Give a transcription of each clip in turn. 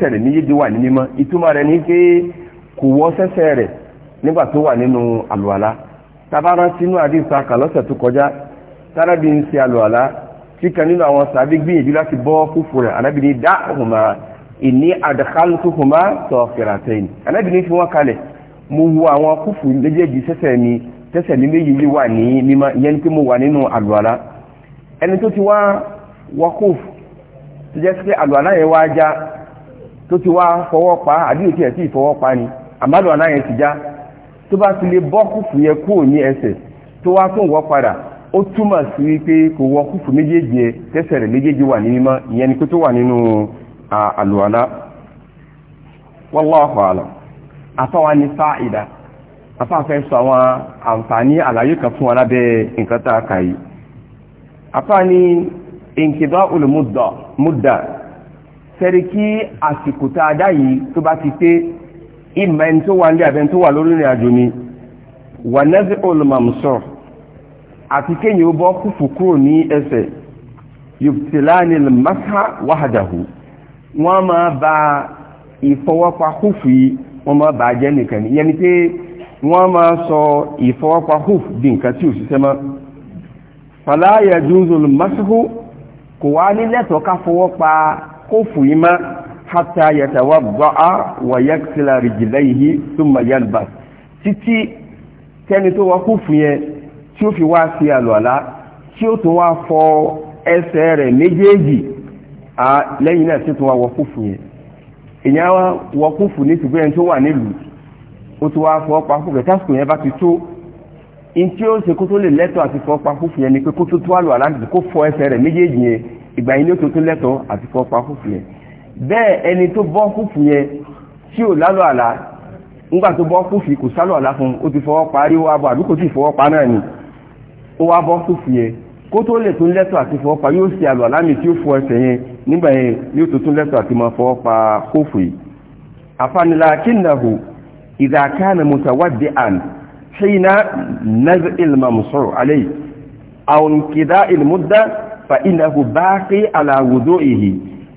sẹ̀rẹ̀ méjèèjì wà ní mímọ́ ìtumọ̀ rẹ̀ ni pé kò wọ́ sẹ́sẹ̀ rẹ̀ nígbà tó wà nínú àlùwàlá tabaran sínú àdìsá kan lọ́sẹ̀ tó kọjá tárábì ń ṣe àlùwàlá tí kan nínú àwọn sàbí gbìyànjú láti bọ́ fúfú rẹ̀ anábìíní dá òhùnmá ìní àdàkálùkùnmá sọ fèrèsẹ́yìn anábìíní fi wọ́n kalẹ̀ mo wo àwọn kúfù méjèèjì sẹ́sẹ̀ mi sẹ́sẹ̀ mi méjèèjì wà ní mímọ́ ìyẹn pé mo wà nínú àlùwàlá ẹni tó ti wá wọ́kùfù tó jẹ́ sí pé àlùwàlá yẹn wá já tó ti wá fọwọ́ pa àdíyòtí ẹ̀ sí ìfọwọ́ pa ni àmàlù aláyẹn ti já tó bá ti lè bọ́ kùfù yẹn kúrò ní ẹsẹ̀ tó wá tó ń wọ́ padà ó túmọ̀ sí wípé kò wọ kùfù méjèèjì ẹ tẹ́sẹ̀ rẹ̀ méjèèjì wà ní mímọ́ ìyẹn ni kó tó wà nínú àlùwàlá wallahu a'lam àfáwa ní fáìdà afáfẹ́ sọ àwọn àǹfààní àlàyé kan fún wa lábẹ́ nǹkan tá a kà yìí afáà ní ìǹkìdá olùmúdà sẹ́rí kí àsìkò tá a dá yìí tó bá ti pé ìmọ̀ ẹni tó wà nílé àbẹ́ni tó wà lórí ìrìn àjò ni wà nẹ́sẹ̀ olùmọ̀mùsọ̀ àti kéyìn ó bọ́ kúfù kúrò ní ẹsẹ̀ yòtìláni lèmásá wàhádàhù wọ́n máa ba ìfọwọ́pa kúfù yìí wọ́n máa bà á jẹ́ nìkan ni yẹn ni pé wọ́n máa sọ ìfọwọ́pa kúfù di nǹkan tí ò ṣiṣẹ́ mọ́ fàlàyé jùzùl masáhù kò wá nílẹ̀tọ̀ ká fọwọ́ pa kófù yìí má hátà yàtàwà bọ́á wàyà sílá rìjìlá yìí tó mà yálùbá títí tẹni tó wá kófù yẹn tí ó fi wá sí àlọ́lá tí ó tún wá fọ ẹsẹ̀ rẹ̀ méjèèjì lẹ́yìn náà tí tún wá wọ kófù yẹn èyàn wá wọ kófù ní ṣùgbọ́n tó wà nílùú ó tún wá fọ ọpa kófù tásìkò yẹn bá ti tó in tí ó ṣe kó lè lẹ́tọ̀ àti fọ ọpa kófù yẹn ni pé kó tó tó àlọ́lá kó fọ ẹsẹ̀ rẹ̀ méjèèjì yẹn ìgbà yìí ní oṣù tún lẹ́tọ̀ọ́ àti kọ́ pa fùfù yẹn bẹ́ẹ̀ ẹni tó bọ́ fùfù yẹn tí ò lálọ́ àlá ńgbà tó bọ́ fùfù kò sálọ̀ àlá fún ó ti fọwọ́ pa rí wá bọ̀ àbí kò tí ì fọwọ́ pa náà ni ó wá bọ́ fùfù yẹn kó tó lè tún lẹ́tọ̀ọ́ àti fọwọ́ pa yóò ṣe àlọ́ àlámì tí ó fọ ẹsẹ̀ yẹn nígbà yẹn yóò tó tún lẹ́tọ̀ọ́ àti máa fọwọ́ pa kófù yìí àfanilá kínnahu ìdàkánà فإنه باقي على وضوئه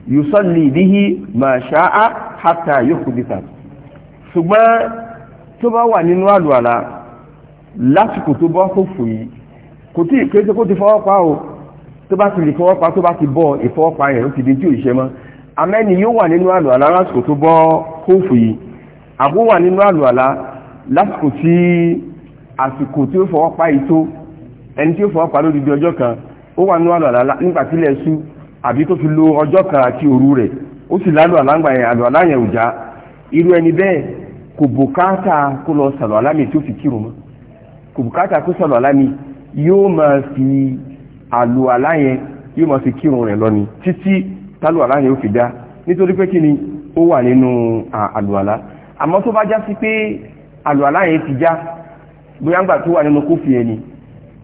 يصلي به ما شاء حتى يحدث ṣùgbọ́n tó bá wà nínú àlùwàlá lásìkò tó bọ́ kó fò yìí kò tí ìkéṣe kó ti fọwọ́pá o tó bá ti lè fọwọ́pá tó bá ti bọ́ ìfọwọ́pá yẹn ti di tí ò ṣe mọ́ amẹ́ni yóò wà nínú àlùwàlá lásìkò tó bọ́ kó fò yìí àbó wà nínú àlùwàlá lásìkò tí àsìkò tí ó fọwọ́pá ó wà nínú àlùwàlá nígbà tílẹ̀ ṣú àbí tó fi lo ọjọ́ kan àti òru rẹ̀ ó sì lálùwàlá ńgbà yẹn àlùwàlá yẹn ò já irú ẹni bẹ́ẹ̀ kò bùkátà kó lọ sàlùwàlá mi tó fi kírun mọ́ kò bùkátà kó sàlùwàlá mi yóò máa fi àlùwàlá yẹn yóò máa fi kírun rẹ̀ lọ ni títí tálùwàlá yẹn ó fi dá nítorí pé kí ni ó wà nínú àlùwàlá àmọ́ tó bá já sí pé àlùwàlá yẹn ti já bóyá ńgbà tó wà nínú kófì yẹn ni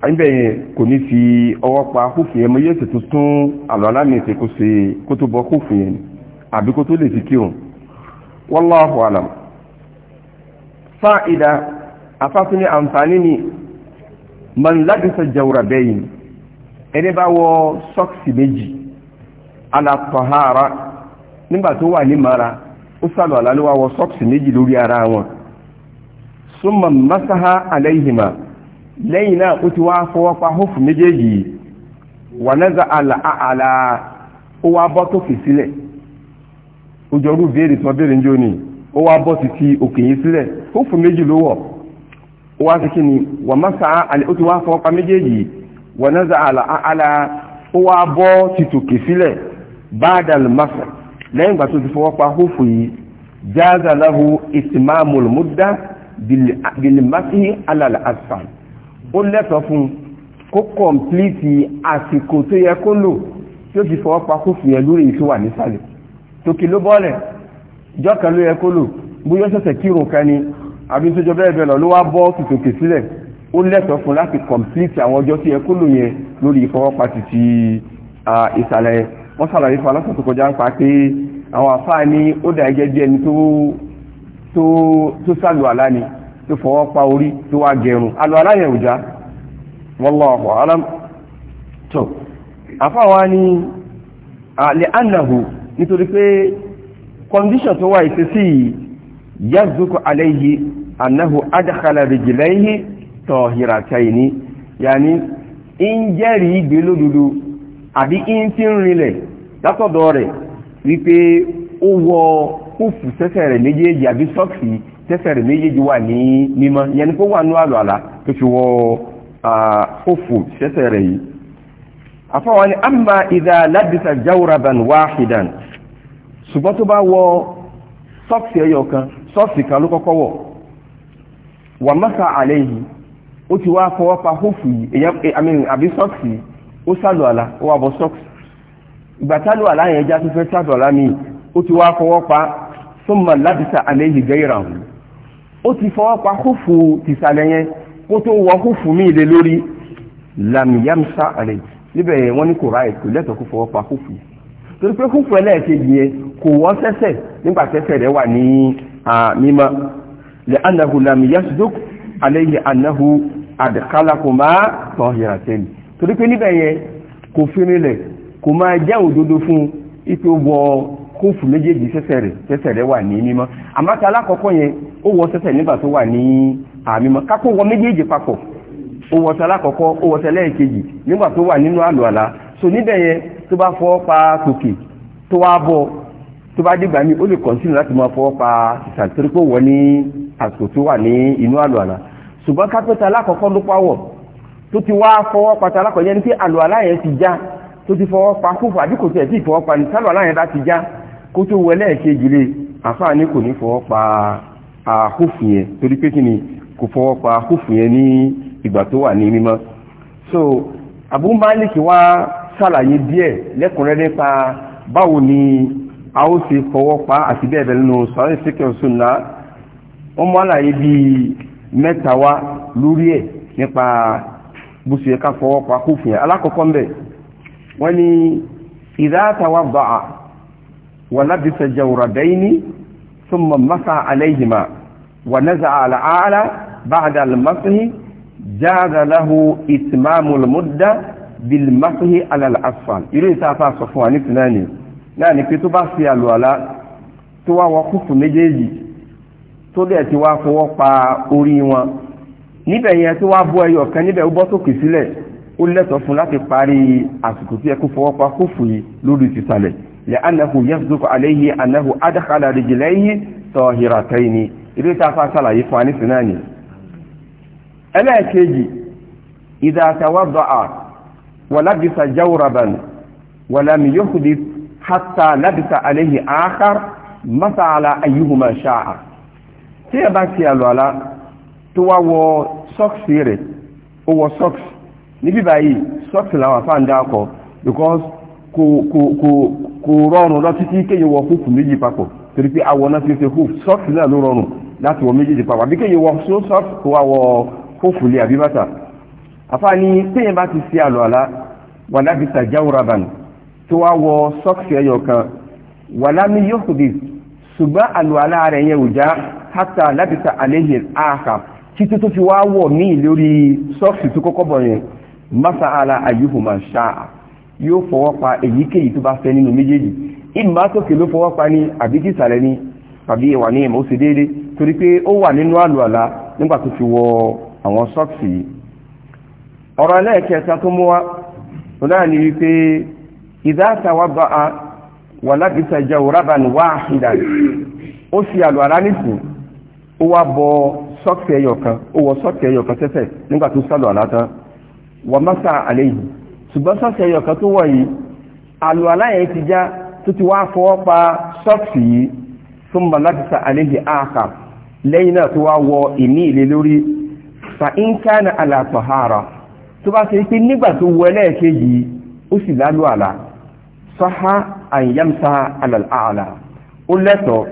ẹgbẹ̀yìn kò ní fi ọwọ́ pa kófù yẹn mọ yóò sì tún tún àlọ́ alámìíṣe kó ṣe kó tó bọ kófù yẹn àbí kó tó lè fi kírun wallahu ala fa'ida afáfin ní àǹfààní ni man labisa jawra bẹ́yìn ẹni bá wọ sọ́ọ̀sì meji ala tahara nígbà tó wà ní mara ó sàlọ̀ àlálówà wọ sọ́ọ̀sì méjì lórí ara wọn suma masaha alayhima lẹ́yìn náà ó ti wá fọwọ́ pa hófù méjèèjì wànẹ́zà àlà àlà ó wá bọ́ tókè sílẹ̀ ó béèrè tí wọ́n béèrè ń jò ó wá bọ́ sí òkè yìí sílẹ̀ hófù méjì ló wọ̀ ó wá sí ni wà má sa àlẹ́ ó ti wá fọwọ́ pa méjèèjì wànẹ́zà àlà àlà ó wá bọ́ ti tòkè sílẹ̀ báàdàl masa lẹ́yìn ìgbà tó ti fọwọ́ pa hófù yìí jáàzà láhu ìsìmáàmùlmúdá bìlìmásí alàlà àṣà ó lẹ́tọ̀ọ́ fún kó kọ̀m̀plìtì àsìkò tó yẹ kó lò tí ó ti fọwọ́ pa kófù yẹn lórí tó wà nísàlẹ̀ tòkì ló bọ́ọ̀lẹ̀ ìjọ kan ló yẹ kó lò bóyá ṣẹ̀ṣẹ̀ kírun kan ni àbí tó jọ bẹ́ẹ̀ bẹ́ẹ̀ lọ ló wá bọ́ tòkè sílẹ̀ ó lẹ́tọ̀ọ́ fún láti kọ̀m̀plìtì àwọn ọjọ́ tó yẹ kó lò yẹn lórí ìfọwọ́pa ti ìsàlẹ̀ wọ́n sàlàyé fún alásọ̀ tó kọjá ń pa pé àwọn àfáà ní ó dà tó fọwọ́ pa orí tó wá gẹrun alọ́ aláyẹ̀ òjá wallahu alam tó àfáwá ní àlẹ́ annahu nítorí pé kọndíṣọ̀ tó wà ìsẹsí yazzuku alayhi annahu adkhala rijlayhi tahirataini yàní in jẹ́rìí gbé lódodo àbí in ti ń rinlẹ̀ látọ̀dọ̀ rẹ̀ wípé ó wọ kófù sẹ́sẹ̀ rẹ̀ méjèèjì àbí sọ́ọ̀sì tẹ́sẹ̀ rẹ̀ méjèèjì wà ní mímọ́ yẹn ni kó wà ní àlùwàlá tó fi wọ òfò tẹ́sẹ̀ rẹ̀ yìí àfọwọ́n ni amma idha labisa jawraban wahidan ṣùgbọ́n tó bá wọ sọ́ọ̀sì ẹyọ kan sọ́ọ̀sì kan ló kọ́kọ́ wọ̀ wà mọ́sà alayhi ó ti wá fọwọ́ pa hófù yìí àbí sọ́ọ̀sì ó sálù àlá ó wà bọ́ sọ́ọ̀sì ìgbà tálù àlá yẹn já tó fẹ́ sálù àlá mi ó ti wá fọwọ́ pa summa labisa alayhi ghayrahu ó ti fọwọ́ pa kófù tìsàlẹ̀ yẹn kó tó wọ kófù míì lé lórí lamiyamsa rẹ̀ níbẹ̀ yẹn wọ́n ní kò ráyè kò lẹ́tọ̀ọ́ kó fọwọ́ pa kófù torí pé kófù ẹlẹ́ẹ̀kejì yẹn kò wọ́ sẹ́sẹ̀ nígbà sẹ́sẹ̀ rẹ̀ wà ní mímọ́ lẹ́ anahu lamiyasdok aleyhi anahu adkalakuma tọ́hìrátẹ́lì torí pé níbẹ̀ yẹn kò fi kò máa jẹ́ òdodo fún ipò kófù méjèèjì sẹ́sẹ̀ rẹ̀ sẹ́sẹ̀ rẹ̀ wà ní mímọ́ àmọ́ tí alákọ̀ọ́kọ́ yẹn ó wọ sẹ́sẹ̀ nígbà tó wà ní àmímọ́ kákó wọ méjèèjì papọ̀ ó wọ sẹ́ alákọ̀ọ́kọ́ ó wọ sẹ́ lẹ́ẹ̀kejì nígbà tó wà nínú àlùwàlá so níbẹ̀ yẹn tó bá fọ́ pa tòkè tó wá bọ́ tó bá dìgbà mí ó lè kọ̀ǹtínú láti máa fọ́ pa ìsàtìrípò wọ ní àsìkò tó wà ní inú àlùwàlá ṣùgbọ́n kápẹ́tà alákọ̀ọ́kọ́ ló pawọ̀ tó ti wá fọwọ́ pata alákọ̀ọ́yẹ́ ní pé àlùwàlá yẹn ti já tó ti fọwọ́ pa kófò àdíkò tẹ̀ sí ìfọwọ́ pa ní sálùwàlá yẹn bá ti já kó tó wọlé kejì lé àfáàní kò ní fọwọ́ pa àhófù yẹn torí pé kí ni kò fọwọ́ pa àhófù yẹn ní ìgbà tó wà ní mímọ́ so Abu Malik wá ṣàlàyé díẹ̀ lẹ́kùnrẹ́rẹ́ nípa báwo ni a ó ṣe fọwọ́ pa àti bẹ́ẹ̀ bẹ́ẹ̀ nínú sọ́rọ́ ìsìnkẹ́ sunna wọ́n mú àlàyé bíi mẹ́ta wá lórí ẹ̀ nípa bó ṣe ká fọwọ́ pa àhófù yẹn alákọ̀ọ́kọ́ ń bẹ̀ wọ́n ní ìdá tawadda'a ولبس جوربين ثم مسع عليهما ونزع الأعلى بعد المسح جاز له إتمام المدة بالمسح على الأسفل يريد تافا صفوان اثنان يعني كتب في الولاء توا وقف مجيجي tó dẹ̀ ti wá fọwọ́ pa orí wọn níbẹ̀ yẹn tó wá bọ́ ẹyọ kan níbẹ̀ ó bọ́ sókè sílẹ̀ ó lẹ́tọ̀ọ́ fún láti parí àsìkò tí ẹ kó fọwọ́ pa لأنه يصدق عليه أنه أدخل رجليه طاهرتين ilé tàfà sàlàyé fún àníṣì náà ni ẹlẹ́ẹ̀kejì ìdàtàwàbàá wà lábìsà jáwùraban wà lámi yóò kùdí hátà lábìsà aléhì àákàr mọ́sàálà ayyuhuma ṣáà tí ẹ bá ti àlọ́lá tó wá wọ sọ́ksì rẹ̀ ó wọ sọ́ksì níbi báyìí sọ́ksì làwọn fáńdà kọ because kò rọrùn lọ títí kéyìn wọ húfù méjì papọ̀ torí pé awọ náà ti ṣe húfù sọ́ọ̀fù náà ló rọrùn láti wọ méjèèjì papọ̀ àbí kéyìn wọ sọ́ọ̀fù kó wá wọ húfù lé àbí bàtà àfáàní téèyàn bá ti ṣe àlọ́ àlá wà láti tàjáwòrabàn tó wá wọ sọ́ọ̀fù ẹyọ kan wà lámì yóò kò ṣùgbọ́n àlọ́ àlá rẹ̀ yẹn ò já hátà láti ta àléhìn àhà títí tó fi wá wọ̀ míì lórí sọ́ọ̀fù tó kọ́kọ́ bọ̀ yẹn masa ala ayuhuma sha'a yóò fọwọ́ pa èyíkéyìí tó bá fẹ́ nínú méjèèjì ìmá sókè ló fọwọ́ pa ní àbí ìsàlẹ̀ ní àbí ìwà ní ìmọ̀ ó déédé torí pé ó wà nínú àlù àlá nígbà tó fi wọ àwọn sọ́ọ̀sì yìí ọ̀rọ̀ ẹlẹ́ẹ̀kẹta tó mú wa náà wípé bá a wà lábìsà ìjà òrábàn wá ìdà ó fi àlù àlá ó wá bọ sọ́ọ̀sì ó wọ sọ́ọ̀sì sẹ́sẹ̀ nígbà tó ṣùgbọ́n sọ́ọ̀sì ẹyọ kan tó wọ̀ yìí àlù aláyẹ̀ ti já tó ti wá fọwọ́ pa sọ́ọ̀sì yìí tó ń bọ̀ láti sa àlejò àkà lẹ́yìn náà tó wá wọ ìní ìlé lórí fa inkana alatọ̀hara tó bá ṣe pé nígbà tó wọ ẹlẹ́ẹ̀kejì ó sì lálù àlà sọ́há àyàmsa àlàlà ó lẹ́tọ̀ọ́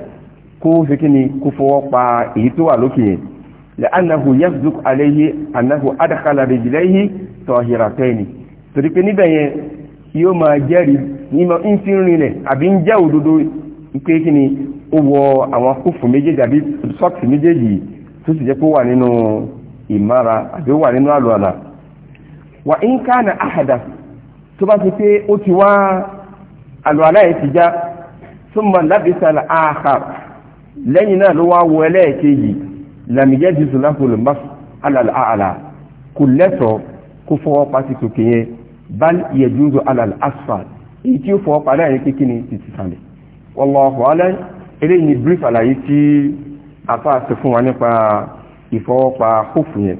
kó fi kí ni kó fọwọ́ pa èyí tó wà lókè yẹn lẹ́annahu yasduk alayhi annahu adkhala rijlayhi tahiratayn torí pé níbẹ̀ yẹn yóò máa jẹ́rìí ń fi rinlẹ̀ àbí ń jẹ́ òdodo pé kí ni ó wọ àwọn kófù méjèèjì àbí sọ́ọ̀kì méjèèjì tó sì jẹ́ pé ó wà nínú ìmára àbí ó wà nínú àlùwàlà wà ń kánà àhàdà tó bá ti pé ó ti wá àlùwàlà yẹn ti já súnmọ́ lábísàlà àhà lẹ́yìn náà ló wá wọ ẹlẹ́ẹ̀kejì làmìjẹ́ jùsùn kò lẹ́tọ̀ọ́ kó fọwọ́ pàtìkì yẹn bal yajuzu alal asfal èyí tí ó fọ́ padà yẹn kékeré ní títí sàlẹ̀ wallahu alam eléyìí ni brief àlàyé tí afa ṣe fún wa nípa ìfọwọ́pa hófù yẹn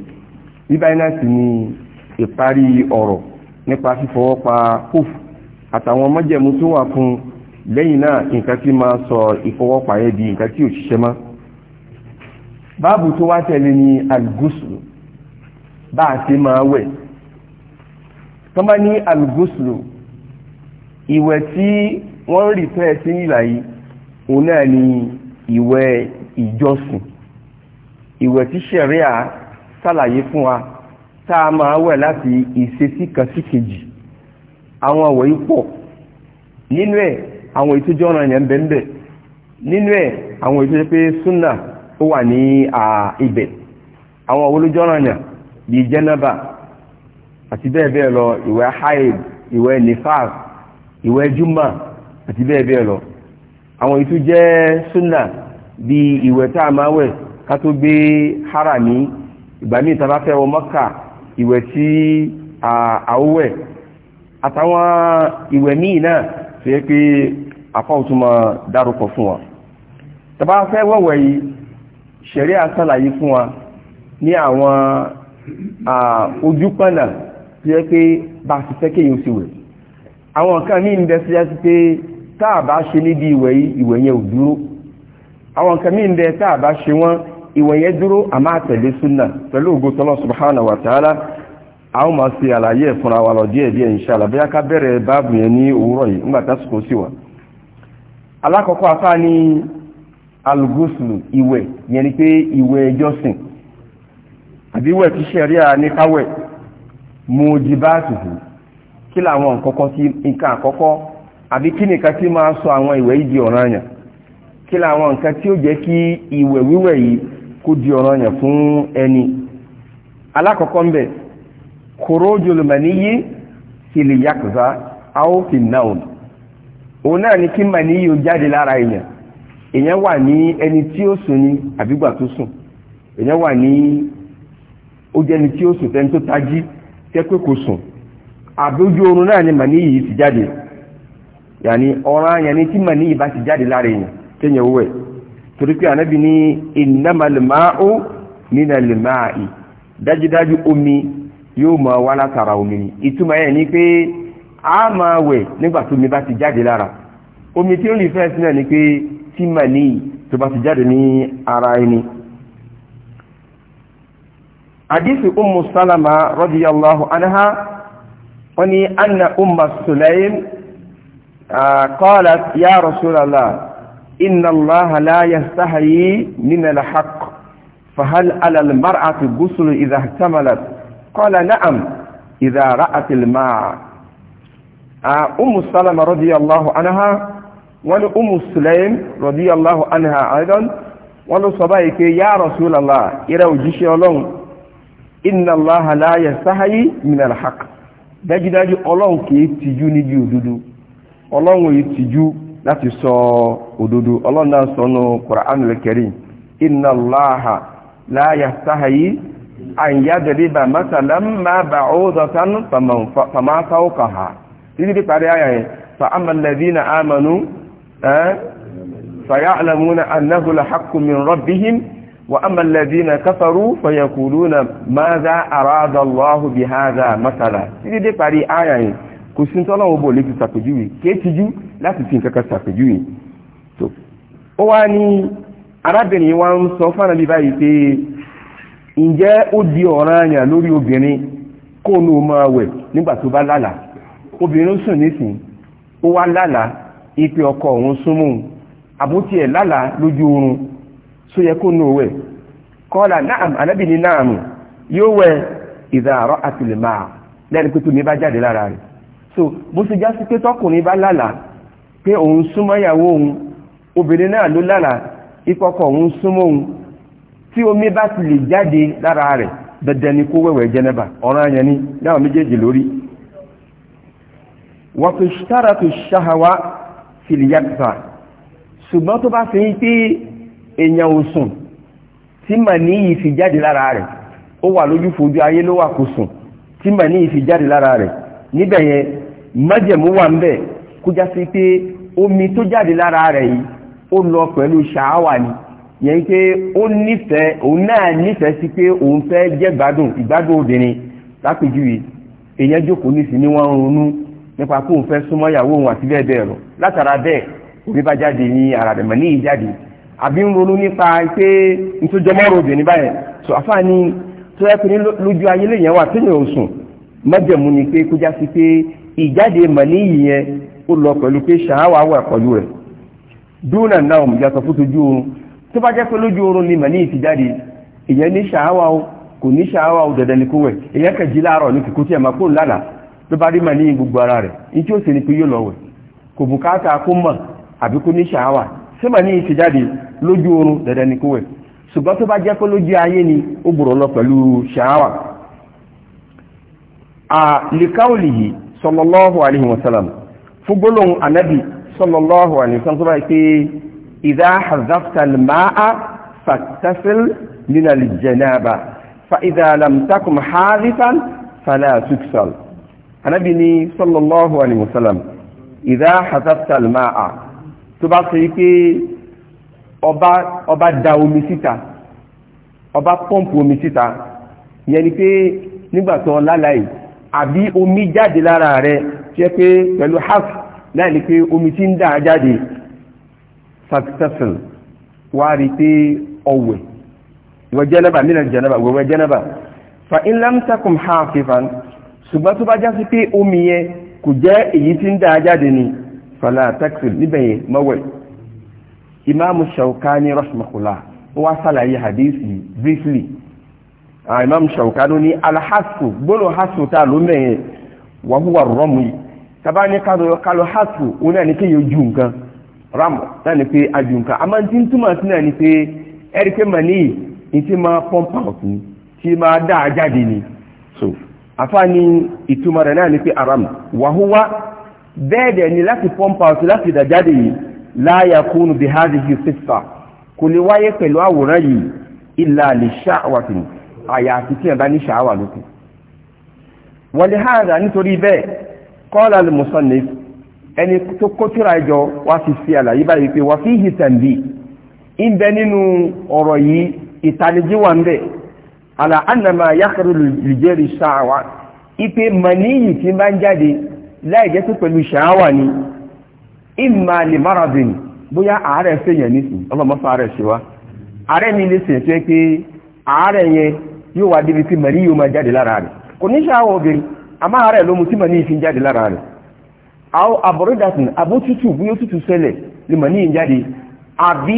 bíbáyìí náà sì ni ìparí ọ̀rọ̀ nípa fífọwọ́pa hófù àtàwọn ọmọjẹ̀mú tó wà fún lẹ́yìn náà nǹkan tí máa sọ ìfọwọ́pa yẹn di nǹkan tí ò ṣiṣẹ́ mọ́ báàbù tó wá tẹ̀lé ni al-ghusl bá a ṣe máa tó bá ní alugoslo ìwẹ̀ tí wọ́n rí pẹ́ sí ìlà yìí òun náà ni ìwẹ̀ ìjọsìn ìwẹ̀ tí sẹ̀ríà sàlàyé fún wa tá a máa wẹ̀ láti ìṣesí kan sí kejì àwọn àwọ̀ yìí pọ̀ nínú ẹ̀ àwọn ìtọ́jú ọ̀ràn yẹn bẹ́ẹ̀ bẹ́ẹ̀ nínú ẹ̀ àwọn ìtọ́jú pé súnà ó wà ní ibẹ̀ àwọn olójọ́ràn yẹn bíi jẹ́nàbà àti bẹ́ẹ̀ bẹ́ẹ̀ lọ ìwẹ̀ haid ìwẹ̀ nifas ìwẹ̀ juma àti bẹ́ẹ̀ bẹ́ẹ̀ lọ àwọn ìtú jẹ́ sunna bí ìwẹ̀ tá a máa wẹ̀ ká tó gbé harami ìgbà míì tá a bá fẹ́ wọ mọ́kà ìwẹ̀ tí àwọ̀wẹ̀ àtàwọn ìwẹ̀ míì náà tó yẹ pé àfọ́ọ̀túnmọ̀ dárúkọ fún wa tá a bá fẹ́ wẹ̀wẹ̀ yìí ṣẹ̀rí àṣàlàyé fún wa ní àwọn ojúpọ̀nà tó yẹ pé bá ti fẹ́ kéyìn sí wẹ̀ àwọn nǹkan ní ìbẹ̀ sí yẹ́ pé táà bá ṣe níbi ìwẹ̀ yìí ìwẹ̀ yẹn ò dúró àwọn nǹkan bá ṣe ìwẹ̀ yẹn dúró a tẹ̀lé súnà pẹ̀lú ògo tọ́lọ́ subhanahu wa ta'ala a máa ṣe àlàyé ẹ̀ fúnra wa díẹ̀ díẹ̀ inṣàlá bí a bẹ̀rẹ̀ báàbù yẹn ní òwúrọ̀ yìí ńgbà sí wa alákọ̀ọ́kọ́ afá ni pé ìwẹ̀ mojibatuhu kí làwọn àkọ́kọ́ tí nǹkan àkọ́kọ́ àbí kí nìkan tí máa sọ àwọn ìwẹ̀ yìí di ọ̀ranyàn kí làwọn nǹkan tí ó jẹ́ kí ìwẹ̀ wíwẹ̀ yìí kó di ọ̀ranyàn fún ẹni alákọ̀ọ́kọ́ ń bẹ khurujul maniyyi fil yakza aw fin nawm òun náà ni kí maniyyi ó jáde lára èèyàn èèyàn wà ní ẹni tí ó sùn ní àbígbà tó sùn èèyàn wà ní ó jẹ́ni tí ó sùn tẹ́ni tó tají jẹ́ pé kò sùn àbójú oorun náà ni màní yìí ti jáde yàní ọ̀ràn yàní tí màní yìí bá ti jáde lára èèyàn kéèyàn owó ẹ̀ torí pé ànábì ní ìnámàlùmáà nínàlùmáà ì dájúdájú omi yóò máa wá látara omi ni ìtumọ̀ ẹ̀ ní pé a máa wẹ̀ nígbà tó bá ti jáde lára omi tí ó rí fẹ́ẹ́ náà ni pé tí màní tó bá ti jáde ní ara ẹni àdísì umu salama radiyallahu anha wọ́n ní anna umma sulaim ah, qalat ya rasulallah inna allaha la yastahayi min alhaq fahal ala almar'ati ghuslu idha ihtamalat qala na'am idha ra'at alma'a ah, umu salama radiyallahu anha wọ́n ní umu sulaim radiyallahu anha aidan wọ́n ló sọ báyìí pé ya rasulallah ira inna allaha la yasahayi min alhaq dájúdájú ọlọ́run kìí tìjú níbi òdodo ọlọ́run yìí tìjú láti sọ òdodo ọlọ́run náà sọ nù Qur'anul Karim inna allaha la yasahayi an yadriba masalan ma ba'udatan fama fawqaha títí di parí ayà yẹn fa amma alladhina amanu eh, fa ya'lamuna annahu alhaqqu min rabbihim وأما الذين كفروا فيقولون ماذا أراد الله بهذا مثلا إذا دي parí àyá yìí kò sí tọ́lọ́ wọn bò lè fi ṣàpèjúwe fi nǹkan kan ṣàpèjúwe tó ó wá wa ń sọ fún àbí báyìí pé ǹjẹ́ ó di ọ̀ranyàn lórí obìnrin kó ní o máa wẹ̀ nígbà tó bá so yẹ kó nù wẹ̀ kọ́lá naam, anábì ní náàmù yóò wẹ̀ ìdàrọ́ àtìlẹ̀mà lẹ́nu pé tó ní bá jáde lára rẹ̀ so bó ṣe já sí pé tọkùnrin bá lálà pé òun súnmọ́ ìyàwó òun obìnrin náà ló lálà ìkọ̀kọ̀ òun súnmọ́ òun tí omi bá ti lè jáde lára rẹ̀ dandan ni kó wẹ̀wẹ̀ jẹnẹba ọ̀ràn yẹn ni láwọn méjèèjì lórí wọ́n tó ṣára tó ṣáhawa fìlìyàtà ṣùgbọ́n tó bá fi ń pé èèyàn ò sùn tí màní ní fi jáde lára rẹ̀ ó wà lójú fojú ayé ló wà kò sùn tí màní ní fi jáde lára rẹ̀ níbẹ̀ yẹn wà ń bẹ̀ kó jásí pé omi tó jáde lára rẹ̀ yìí ó lọ pẹ̀lú ṣàáwà ni yẹn pé ó nífẹ̀ẹ́ òun náà nífẹ̀ẹ́ sí pé òun fẹ́ jẹ́ gbádùn ìgbádùn obìnrin lápèjúwe èèyàn jókòó ní sí ni ronú nípa kóun fẹ́ súnmọ́ ìyàwó òun àti bẹ́ẹ̀ bẹ́ẹ̀ lọ látara àbí ń ronú nípa pé ntójọmọ́rò obìnrin báyẹn so àfáàní tó yẹ pé ní lójú ayé lèyàn wà tó yẹ ò sùn mọ́jẹ̀mú ni pé kó já sí pé ìjáde màníyì yẹn ó lọ pẹ̀lú pé ṣàáwá wà pẹ̀lú rẹ̀ dúnà náà òmùjá sọ fún tójú oorun tó bá jẹ́ pé lójú oorun ni màníyì ti jáde èyàn ní ṣàáwá o kò ní ṣàáwá o dandan ni kó wẹ̀ èyàn kàn láàárọ̀ ní kíkó tí ẹ̀ máa kó lánàá ló bá rí màníyì gbogbo ara rẹ̀ ní tí ó sì ní pé yóò lọ wẹ̀ kò bùkátà kó mọ̀ àbí kó ní ṣàáwá ṣé mà ní ìṣe jáde lójú oorun dẹ̀dẹ̀ ní kó wẹ̀ ṣùgbọ́n tó bá jẹ́ pé lójú ayé ni ó gbòrò lọ pẹ̀lú ṣàáwà àlìkáòlìhì sọlọ́lọ́hù alaihi wasallam fúgbólóhùn anábì sọlọ́lọ́hù alaihi wasallam tó bá pé ìdá hazaftal máa fàtàfil nínà lè jẹ̀nàbà fa ìdá fala tuksal anábì ni alaihi wasallam ìdá hazaftal máa tó bá sọ yìí pé ọba ọba da omi síta ọba pọ́ǹpù omi síta yẹn ni pé nígbà tó lálàyé àbí omi jáde lára rẹ̀ tí ẹ pé pẹ̀lú half láì ní pé omi tí ń dà jáde successful wá rí pé ọwẹ̀ ìwọ jẹ́nàbà mílẹ̀ jẹ́nàbà wẹ̀wẹ̀ jẹ́nàbà fa in lam takum hafifan ṣùgbọ́n tó bá já sí pé omi yẹn kò jẹ́ èyí tí ń dà jáde ni fala taksil níbẹ̀ yẹn mọ́wẹ̀ imaamu Shawkani rahmahulah wọ́n sàlàyé hadisi briefly imaamu Shawkani ní alhassu gbọ́dọ̀ hassu tá a ló mẹ́yẹn wọ́n wà rọ́mù yìí taba ní kalo hassu wọn náà ní kí yóò nǹkan ramu náà ní pé a ju nǹkan a máa ti ń túmọ̀ sí náà ní pé ẹ̀ríkẹ́ mani ní ti máa pump out ni ti máa dá jáde ni so afa ni ìtumọ̀ rẹ̀ náà ní pé aram wàhúwa bẹ́ẹ̀ dẹ̀ ni láti pump out láti ìdàjáde yìí la yakunu bí hadhihi fista kò lè wáyé pẹ̀lú àwòrán yìí illa li sha'watin àyàfi tí ẹ̀bá ní ṣàwà lókè wọ́n lè hàdà nítorí bẹ́ẹ̀ qala al-musannif ẹni tó kó tíra ẹjọ wá fi fi àlàyé báyìí pé wà fi hì láì jẹ́ pé pẹ̀lú ṣàáwà ni ìmà lè maradin bóyá ààrẹ fèèyàn nísìn ọlọ́mọ́sọ ààrẹ ṣe wá ààrẹ mi lè sìn tó yẹ pé ààrẹ yẹn yóò wá débi tí mẹ̀rí yóò máa jáde lára rẹ̀ kò ní ṣàáwà obìnrin àmọ́ ààrẹ ló mu tí mẹ̀rí fi jáde lára rẹ̀ àwọn àbọ̀rídàtún abótútù bóyá tútù ṣẹlẹ̀ lè mẹ̀rí yìí jáde àbí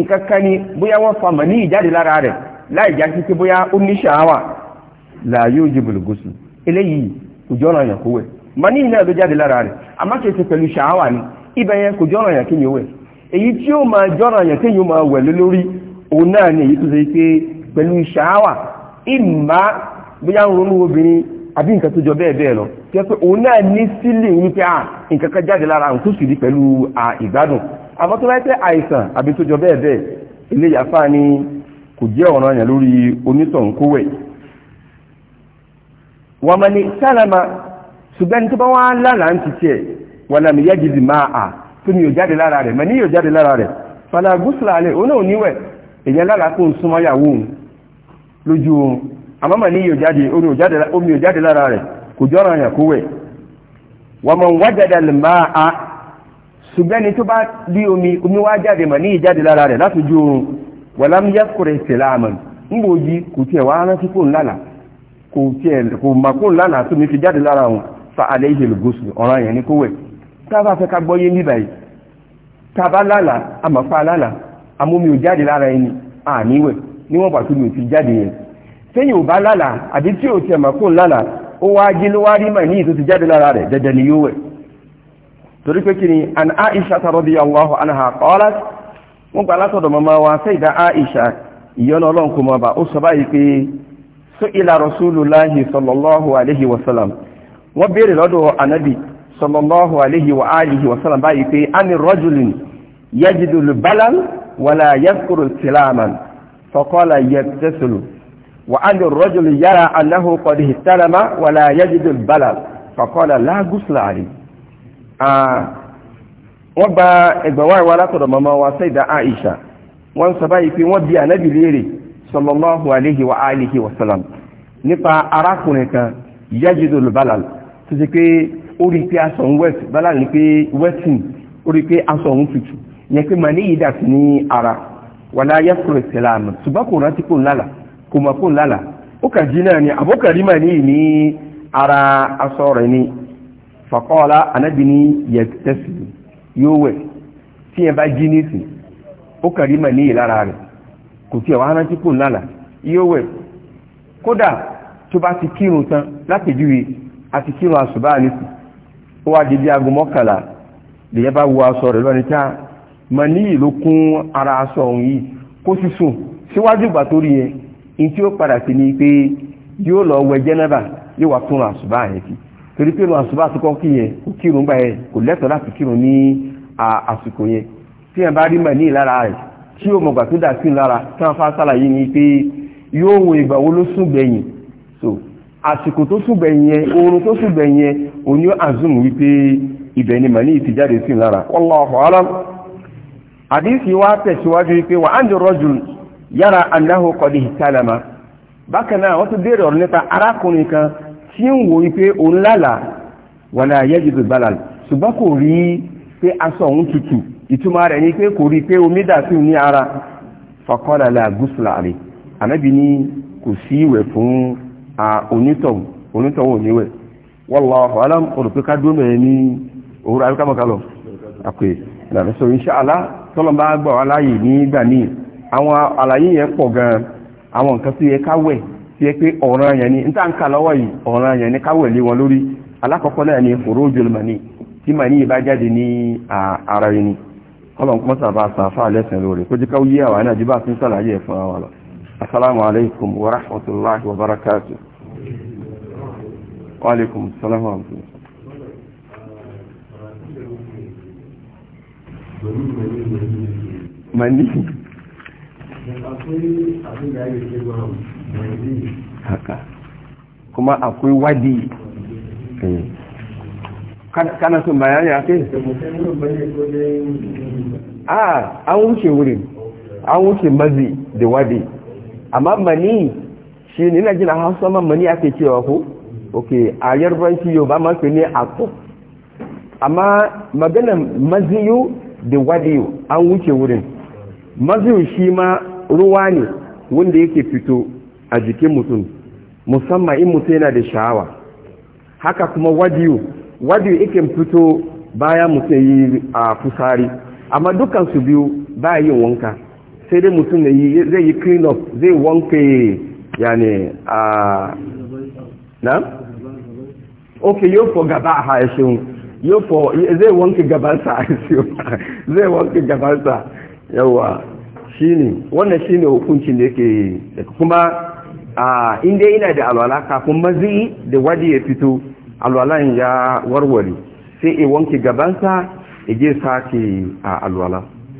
nǹkan kan ni bóyá wọ́n fa mẹ̀rí yìí jáde lára rẹ̀ láì jáde pé bóyá ó ní ṣàáwà là yóò jẹ́ bùlùgọ́sù eléyìí kò jọ́ràn àyànkówẹ̀ ma náà ló jáde lára rẹ̀ àmọ́ kìí pẹ̀lú ṣàáwà ni ibẹ̀ yẹn kò jọ́ràn yàn kéèyàn èyí tí ó ma jọ́ràn yàn kéèyàn máa wẹ̀ lórí ni èyí tó ṣe pé pẹ̀lú ṣàáwà ìmá bóyá ń ronú obìnrin àbí nǹkan lọ tí pé òun náà ní à nǹkan kan pẹ̀lú ìgbádùn ni ṣùgbọ́n tó bá wá lálàá ń títí ẹ̀ wà lámì yẹ́gìdì máa à tó ní òjáde lára rẹ̀ mẹ́ni òjáde lára rẹ̀ fàlà gúúsùlà alẹ́ òun náà èyàn lálàá kó ń súnmọ́ yàwó lójú omi òjáde lára rẹ̀ kò jọ́ra yàn kó wẹ̀ wọ́n mọ̀ wájàdà lè máa à tó bá omi omi wá jáde wà wá rántí kò mà tó mi fi jáde lára fa alayhi al-ghusl ọ̀ràn yẹn ní kó wẹ̀ tá fẹ́ ká a lálàá àmọ́fà lálàá amómi ò jáde lára ẹni àníwẹ̀ níwọ̀n pàtó mi ò ti jáde yẹn ò bá lálàá àbí tí ò lálàá ó wá jí ló wá rí mà ní jáde lára rẹ̀ dẹ̀dẹ̀ ni yóò wẹ̀ torí pé kí ni an aisha radiyallahu anha qalat wọ́n gbà látọ̀dọ̀ wa aisha ìyọ́nà ọlọ́nkùnmọ́ ó sọ báyìí pé wọ́n béèrè lọ́dọ̀ anabi sallallahu alayhi wa alihi wa sallam báyìí pé ani rajulin yajidu lubalan wala yaskuru silaman faqala yabtasilu wa ani rajulin yara annahu qad ihtalama wala yajidu lubalan faqala la ghusla alayhi wọ́n gba ẹgbẹ̀wá ìwà látọ̀dọ̀ mọ́mọ́ wa sayida aisha wọ́n sọ báyìí pé wọ́n bi anabi léèrè sallallahu alayhi wa alihi wa sallam nípa arákùnrin kan yajidu lubalal tó ṣe pé ó rí pé aṣọ ń wet bálà ní pé wetting ó rí pé aṣọ ń tutù ìyẹn pé màá ní yìí dà sí ní ara wàlá yẹ́kùrọ̀ ìsẹ̀lámù ṣùgbọ́n kò rántí kò ń lálà kò mọ̀ kò ń lálà ó kà jí náà ni àbókàrí màá ní yìí ní ara aṣọ rẹ̀ ni fàkọ́ọ̀lá anábì ní yẹ̀tẹ́sì yóò wẹ̀ tí yẹn bá jí nísì ó kàrí màá ní yìí lára rẹ̀ kò tí ẹ̀ wá rántí kò ń yóò wẹ̀ kódà tó bá ti kírun tán látẹ̀júwe àti kírun àṣùbá nìkú ó wá di bí aago mọ́kànlá lèyẹ bá wo aṣọ rẹ̀ lọ́ni tá mà ní ìlú kún ara aṣọ òun yìí kó sì sùn síwájú ìgbà tó rí yẹn in tí ó padà sí ni pé yóò lọ wẹ jẹ́nẹ́bà yóò wá tún àṣùbá yẹn torí pé àṣùbá tó kọ́ kí yẹn kírun kò lẹ́tọ̀ọ́ láti kírun ní àsìkò yẹn tí yẹn bá rí mà ní ìlara tí yóò sí ìlara tí àsìkò tó ṣùgbẹ̀yìn yẹn oorun tó ṣùgbẹ̀yìn yẹn òun yóò azum wípé ibẹ̀ ni màní ti jáde sí lára wallahu alam àdìsí wa tẹ̀síwájú wípé wà á ń rajul yára annahu qad ihtalama bákan náà wọ́n tún béèrè ọ̀rọ̀ nípa arákùnrin kan tí ń wo wípé òun lálàá wala yajidu balal ṣùgbọ́n kò rí pé aṣọ òun tutù ìtumọ̀ rẹ̀ ni pé kò rí pé omi dà sí ní ara faqala la ghusla alayhi ànábì ní kò sí ìwẹ̀ fún a onítọ̀hún òníwẹ̀ wallahu alam olùpẹ́ká dúró ní òwúrọ̀ àríkàmọ́kálọ̀ àpè ìdàmẹ́sọ̀ inṣáàlá tọ́lọ̀mbá gbà wá láàyè nígbà míì àwọn àlàyé yẹn pọ̀ gan àwọn nǹkan tí yẹ káwẹ̀ tí yẹ pé ọ̀ràn yẹn ni níta ń kà lọ́wọ́ yìí ọ̀ràn ni káwẹ̀ lé wọn lórí ni السلام عليكم ورحمة الله وبركاته وعليكم السلام ورحمة الله mani haka kuma akwai wadi eh. kana sun bayani a kai? a ah, an wuce wurin an wuce mazi wadi amma mani shi ne na jin a hausa man mani ake cewa ko ok a yau ba masu ne a ku amma maganan maziyu da wadiyu an wuce wurin maziyu shi ma ruwa ne wanda yake fito a jikin mutum musamman in mutum yana da sha'awa haka kuma wadiyu wadiyu yake fito baya mutum yi a fusari amma dukansu biyu ba yin wanka sai dai mutum zai yi clean up zai wanke yani a na? ok yóò fọ gaba a haishin ṣeun yóò fọ zai wanke gabansa a haishin zai wanke gabansa yawa shi ne wannan shi ne hukuncin da yake kuma a inda yana da alwala kafin mazi da wadi ya fito alwalan ya warware sai a wanke gabansa a je sake a alwala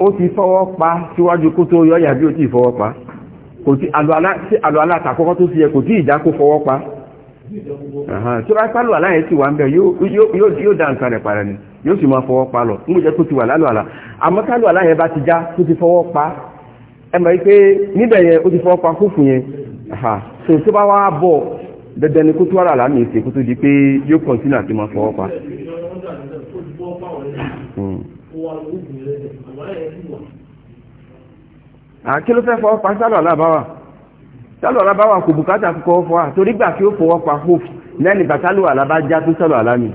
ó ti fọwọ́ pa síwájú kó tó yọ yàbí ó ti fọwọ́ pa kò tí àlọ́ tó fi yẹ kò tí kó fọwọ́ pa tí wọ́n pálọ̀ aláyẹ̀ wà ń bẹ̀ yóò dá nǹkan rẹ̀ ni yóò sì máa fọwọ́ pa lọ jẹ́ ti wà lálọ́ àlá àmọ́ aláyẹ̀ bá ti já tó ti fọwọ́ pa ẹ mọ̀ níbẹ̀ yẹn dandan ni kó tó ara àlámì ìṣe kó tó di pé yóò kọ̀ǹtínú àti máa fọwọ́ pa. Hmm. àkí ló fẹ́ fọwọ́ pa sálọ̀ alábáwà sálọ̀ alábáwà kò bùkátà kọ́ fọ́ à torí gbà kí ó fọwọ́ pa hof lẹ́ni bàtálù alábájá tó sálọ̀ alámì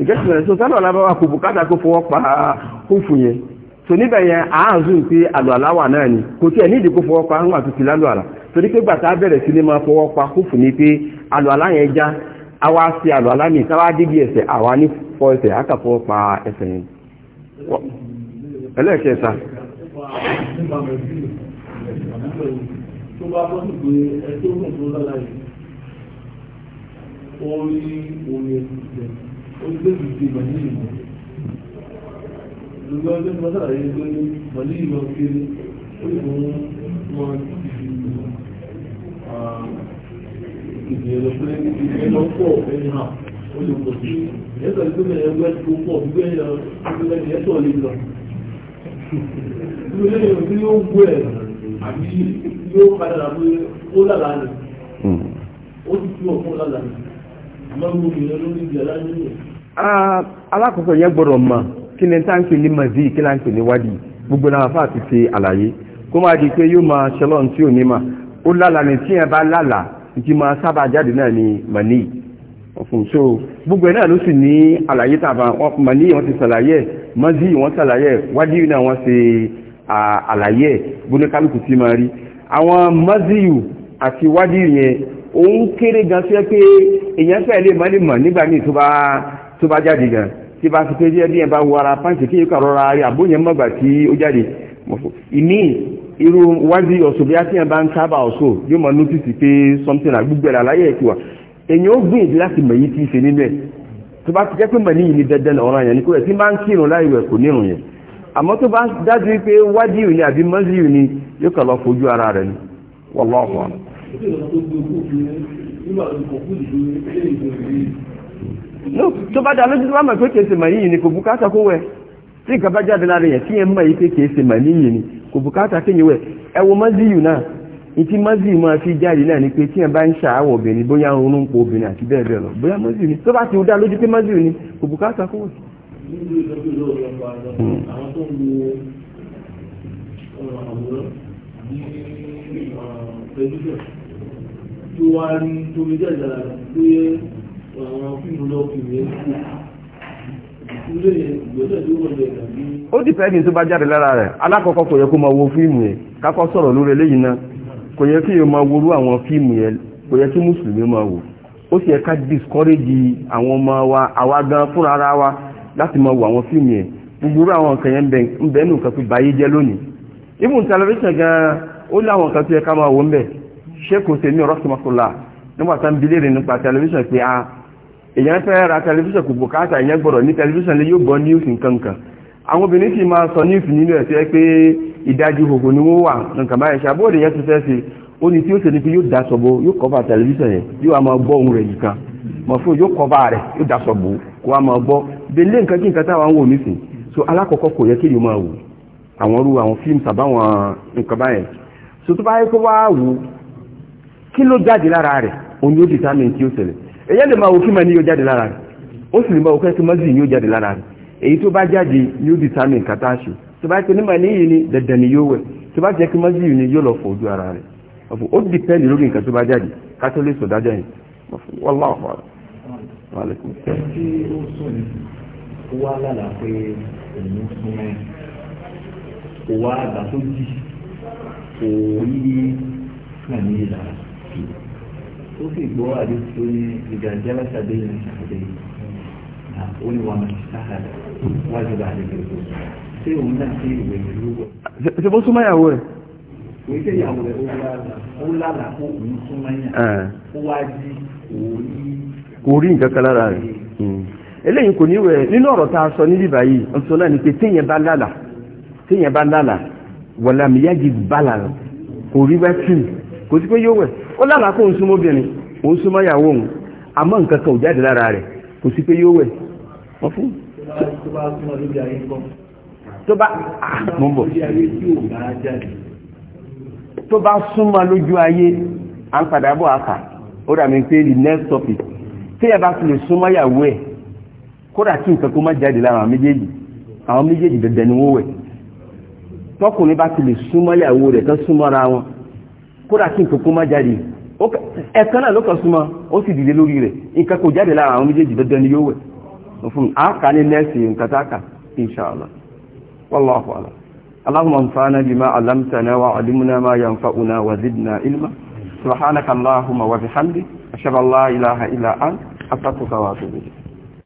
ìkẹ́sìmẹ̀rẹ̀ tó sálọ̀ alábáwà kò bùkátà kó fọwọ́ pa hof yẹn so níbẹ̀ yẹn àárín pé àlọ́ aláwà náà ni kò tí ẹ̀ ní ìdíkó fọwọ́ pa ń wà tó ti lálọ́ àlà torí pé gbàtà bẹ̀rẹ̀ sí ní máa fọwọ́ pa kúfù ní pé àlùwàlá yẹn já àwa sí àlùwàlá mi káwá dídí ẹsẹ̀ àwa ní fọ ẹsẹ̀ àkàfọwọ́ pa ẹsẹ̀ ẹlẹ́ẹ̀kẹta tó èrò pé ìgbẹ́ pọ̀ ẹni hàn ó lè pọ̀ sí ẹ̀sọ̀ ìgbẹ́ ẹgbẹ́ tó pọ̀ gbígbẹ́ ẹ̀yẹ ẹ̀sọ̀ lè lọ. Ìgbẹ́ ẹ̀yẹ tí ó gbé ẹ̀ àbí yóò padà pé ó lálà ni hmm. ó ti tú ọ̀fún lálà ni àmọ́ mo kì í lọ lórí ìgbẹ́ láyé rẹ̀. Alákòókò yẹn gbọ́dọ̀ mọ̀ kí ni táǹkì ní màzí kí ni táǹkì ní wádìí gbogbo náà fáà ti ṣe àlàyé kó máa di pé yóò máa ṣẹlọ́n tí ò ní mà ó lálàá ni tí yẹn bá lálàá ìtí máa sábà jáde náà ni mani ọ̀fún so gbogbo ẹ̀ náà ló sì ní àlàyé tàbá mani wọ́n ti sàlàyé mazi wọ́n sàlàyé wádìí náà wọ́n ṣe àlàyé bóníkálùkù tí máa rí àwọn maziyu àti wádìí yẹn òun kéré gan sí ẹ pé èèyàn fẹ́ lè má lè mọ̀ nígbà míì tó bá jáde gan tí bá fi pé bí ẹ bá wọ ara pàǹtì kí ẹ kà rọra rí àbóyẹn mọ́gbà tí ó jáde ìmíì irú wájú ọ̀sùn bí ásíyàn bá ń sábà ọ̀sùn yóò máa nọ́tìsì pé something àgbúgbẹ̀ láyé ẹ̀kí wa èyàn ó gbìyànjú láti mọ̀ yí tí í ṣe nínú ẹ̀ tó bá ti jẹ́ pé mọ̀ ní yìí ní dandan ọ̀ràn yẹn ni kó tí bá ń kírun láì rẹ̀ kò nírun yẹn àmọ́ tó bá dájú pé wájú àbí yóò kàn lọ fojú ara rẹ̀ ni wallahu tó bá dá lójú tó bá mọ̀ pé kò bùkátà kéyìn wẹ̀ ẹwọ mọ́síyù náà ìtí mọ́síyù máa fi jáde náà ní pé tí ẹ bá ń ṣàáwọ̀ obìnrin bóyá oorun ń po obìnrin àti bẹ́ẹ̀ bẹ́ẹ̀ lọ bóyá ni tó bá ti dá lójú pé ni kò bùkátà kó wọ̀. nínú hmm. àwọn tó ń àwòrán ó ti fẹ́ ní tó bá jáde lára rẹ̀ alákọ̀ọ́kọ́ kò yẹ kó máa wo fíìmù yẹn kákọ́ sọ̀rọ̀ lórí eléyìí náà kò yẹ kí èèyàn máa worú àwọn fíìmù yẹn kò yẹ kí mùsùlùmí máa wò ó sì yẹ ká discourage àwọn ọmọ wa àwa gan fúnra ara wa láti máa wo èyàn fẹ́ ra tẹlifíṣàn kò bùkátà èyàn gbọ́dọ̀ ní tẹlifíṣàn lè yóò gbọ́ news nkankan àwọn obìnrin sì máa sọ news nínú ẹ̀sẹ̀ pé ìdájú gbogbo ni wọ́n wà nǹkan báyìí ṣe abóòdì yẹn ti fẹ́ ṣe ó ní tí ó ṣe ni pé yóò daṣọ bo yóò kọ́ba tẹlifíṣàn yẹn yóò máa gbọ́ ohun rẹ̀ nìkan mọ̀ fún yóò kọ́ba rẹ̀ yóò daṣọ bo kó a máa gbọ́ so alákọ̀ọ́kọ́ kò yẹ kéde máa wò àwọn irú àwọn fíìmù tàbáwọn so tó bá yẹ kó wá wò kí ló jáde lára rẹ̀ òun èyẹ́ lè máa wò kí mọ̀ ní yóò jáde lára rẹ̀ ó sì lè máa wò kẹ́ mọ́sí yóò jáde lára rẹ̀ èyí tó bá jáde yóò di sáàmì kàtà ṣe tó bá jẹ́ nímọ̀ níyì ni dandan ni yóò wẹ̀ tó bá jẹ́ kí mọ́sí yìí ni yóò lọ fọ ojú ara rẹ̀ ọ̀fọ̀ ó di pẹ́ẹ́lì lórí nǹkan tó bá jáde kátó lè sọ dájọ́ yìí wallahu a'lam. wà lálàá pé èmi fún ẹ kò àgbà tó jì kò rí ó sì gbọ́ àdéhùn tó ní ìdàjẹ́ aláṣàdé yìí ṣàdé yìí ó ní wàá máa ṣáhàdà wájú bá àdéhùn tó ṣe òun náà sí ìwé ìlú wọ̀. ṣe bó súnmọ́ ìyàwó rẹ̀. òun ṣe ìyàwó rẹ̀ ó lálàá kó òun súnmọ́ yàn ó wá jí kò rí nǹkan kan lára rẹ̀ hmm. eléyìí kò ní wẹ̀ nínú ọ̀rọ̀ tá a sọ níbí báyìí ọ̀sán náà ni pé téèyàn bá lálàá téèyàn bá lálàá wọ̀làmìyájì bálà kò rí wẹ́tìrì kò sí pé yóò wẹ̀ ó lára kó ń súnmọ́ obìnrin òun súnmọ́ ìyàwó òun àmọ́ nǹkan kan ò jáde lára rẹ̀ kò sí pé yóò wẹ̀ wọ́n fún tó bá mọ́ bọ̀ tó bá súnmọ́ lójú ayé à ń padà bọ̀ àkà ó dà mí pé the next topic tí ẹ bá fi lè súnmọ́ ìyàwó ẹ̀ kódà kí nǹkan kó má jáde lára àwọn méjèèjì àwọn méjèèjì dandan ni wọ́n wẹ̀ tọkùnrin bá ti lè súnmọ́ ìyàwó rẹ̀ tán súnmọ́ra wọn kódà kí nǹkan kó má jáde ẹ̀kan náà ló kàn súnmọ́ ó sì dìde lórí rẹ̀ nǹkan kò jáde lára àwọn méjèèjì dandan ni yóò wẹ̀ fún àáka ní nẹ́ẹ̀sì nǹkan táàkà inṣàlá wallahu a'lam allahumma anfa'na bima 'allamtana wa 'allimna ma yanfa'una wa zidna ilma subhanaka allahumma wa bihamdik ashhadu ilaha illa anta astaghfiruka wa